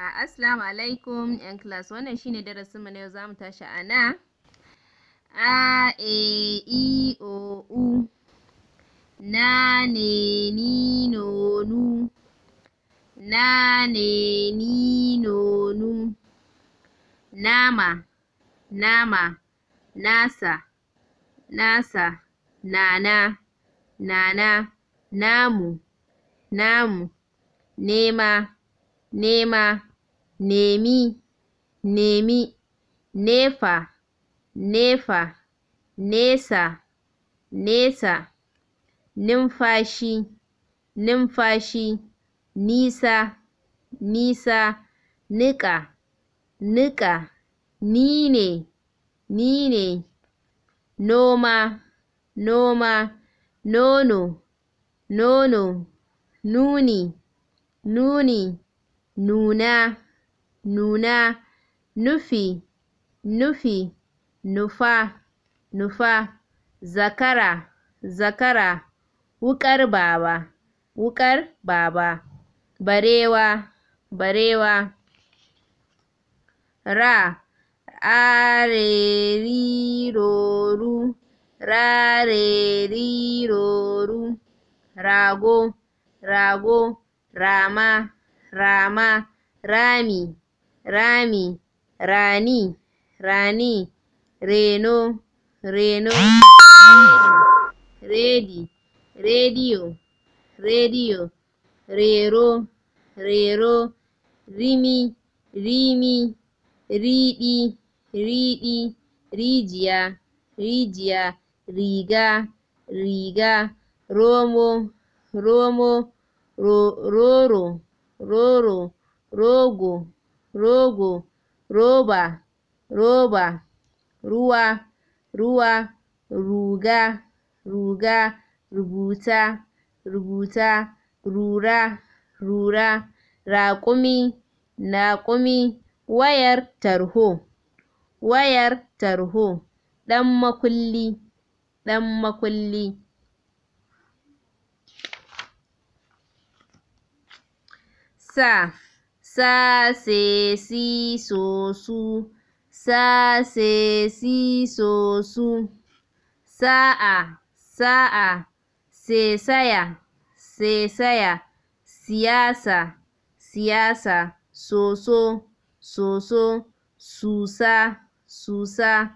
a assalamu alaikum yan class wannan shine darasin mu na yau zamu tashi a na a e o u na ne ni no nu na ne ni no nu nama nama nasa nasa nana nana namu namu nema nema nemi nemi nefa nefa nesa nesa numfashi numfashi nisa nisa niƙa niƙa nine nine noma noma nono nono nuni nuni nuna nuna, nufi, nufi, nufa, nufa, zakara, zakara, wukar baba, wukar baba, barewa, barewa, ra, areriroru, rareriroru, rago, rago, rama, rama, rami. rami rani rani reno reno redi rediyo rediyo rero rero rimi rimi riɗi riɗi rijiya rijiya riga riga romo romo roro roro rogo rogo, roba, roba, ruwa, ruwa, ruga, ruga, rubuta, rubuta, rura, rura, raƙumi, raƙumi, wayar tarho, wayar tarho, ɗan makulli, ɗan makulli. sa sa se si so su sa se si so su sa'a sa'a sesaya saya siyasa siyasa soso soso susa susa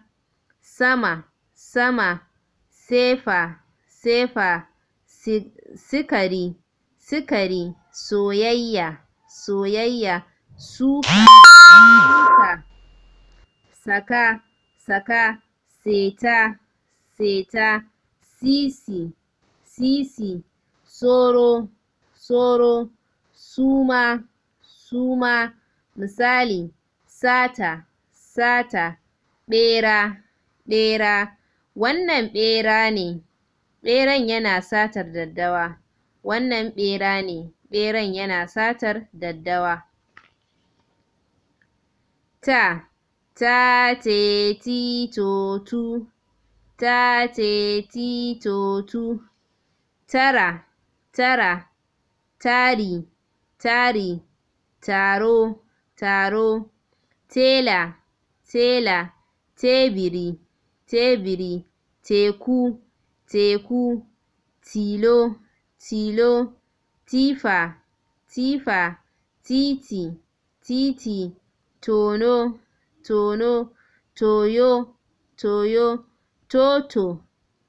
sama sama sefa sefa sikari sikari soyayya soyayya, suka, suka, saka, saka, seta, seta, sisi, sisi, soro, soro, suma, suma. Misali, sata, sata, ɓera, ɓera, wannan ɓera ne, ɓeran yana satar daddawa, wannan ɓera ne. ɓeran yana satar daddawa ta ta te ti to tu ta te ti to tu tara tara tari tari taro taro tela tela tebiri tebiri teku teku tilo tilo tifa tifa titi titi tono tono toyo toyo toto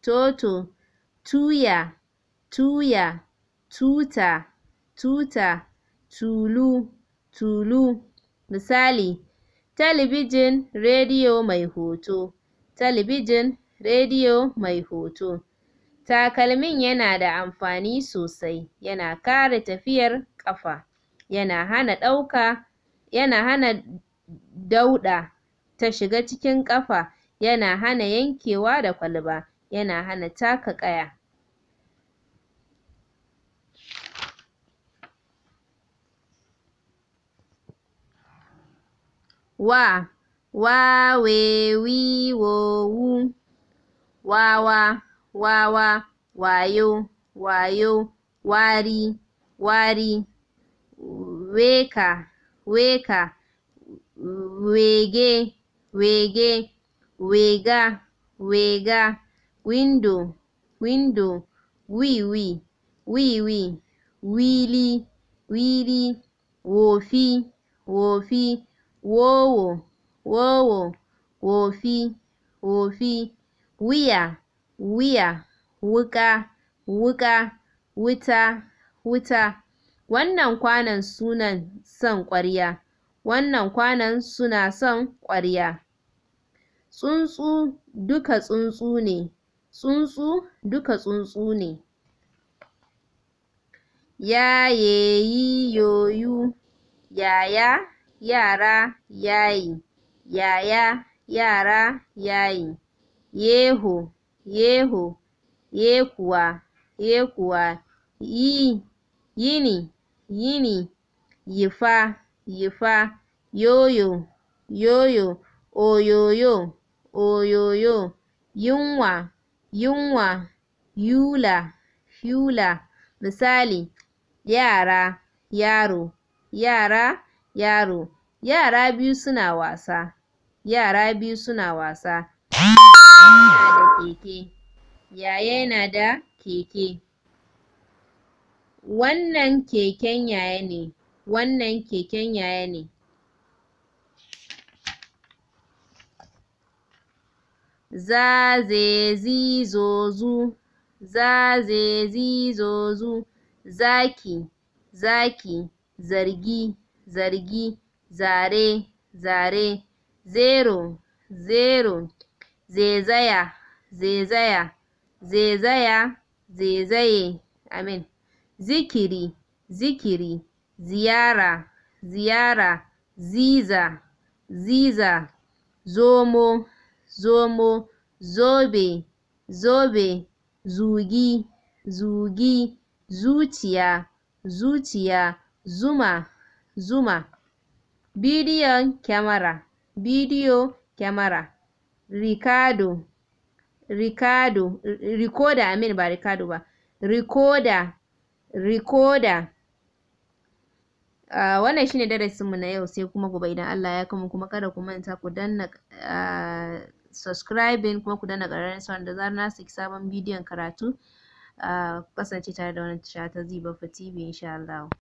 toto tuya tuya tuta tuta tulu tulu misali talabijin, rediyo mai hoto talabijin, rediyo mai hoto Takalmin yana da amfani sosai, yana kare tafiyar ƙafa, yana hana ɗauka yana hana dauɗa ta shiga cikin ƙafa, yana hana yankewa da kwalba, yana hana taka ƙaya. wa wa wi, wu, wa wawa wawa wayo wayo wari wari weka weka wege wege wega wega window window wiwi wiwi wili wili wofi wofi wowo wowo wofi wofi wuya wuya, wuƙa, wuƙa, wuta, wuta, wannan kwanon sunan son ƙwarya, wannan kwanon suna son ƙwarya. Tsuntsu duka tsuntsu ne, tsuntsu duka tsuntsu ne. Yayeyi yoyo, yaya yara yayi, yaya yara yayi. Yeho Yahoo! Yahoo! yi Yini, yini, yifa, yifa, yoyo, yoyo, oyoyo, oyoyo, yunwa, yunwa, yula hula. Misali, yara, yaro, yara, yaro. Yara biyu suna wasa. Yara biyu suna wasa. yana da keke. Yaya yana da keke. Wannan keken Yaya ne. Wannan keken Yaya ne. Za, ze, Za, ze, Zaki, zaki. Zargi, zargi. Zare, zare. Zero, zero. Zaizaya, zaizaya, zaizaya, zaizaye amin zikiri zikiri ziyara ziyara ziza ziza zomo zomo zobe zobe zugi zugi zuciya zuciya zuma zuma bidiyon kyamara bidiyo kyamara Ricardo Ricardo Ricoda Amin ba Ricardo ba Ricoda Ricoda Uh, wannan shine darasinmu na yau sai kuma gobe idan Allah ya kuma kuma kada ku manta ku danna uh, subscribing kuma ku danna ƙararren sauran da zarar na saki sabon bidiyon karatu uh, kasance tare da wannan tasha ta Ziba TV insha Allah.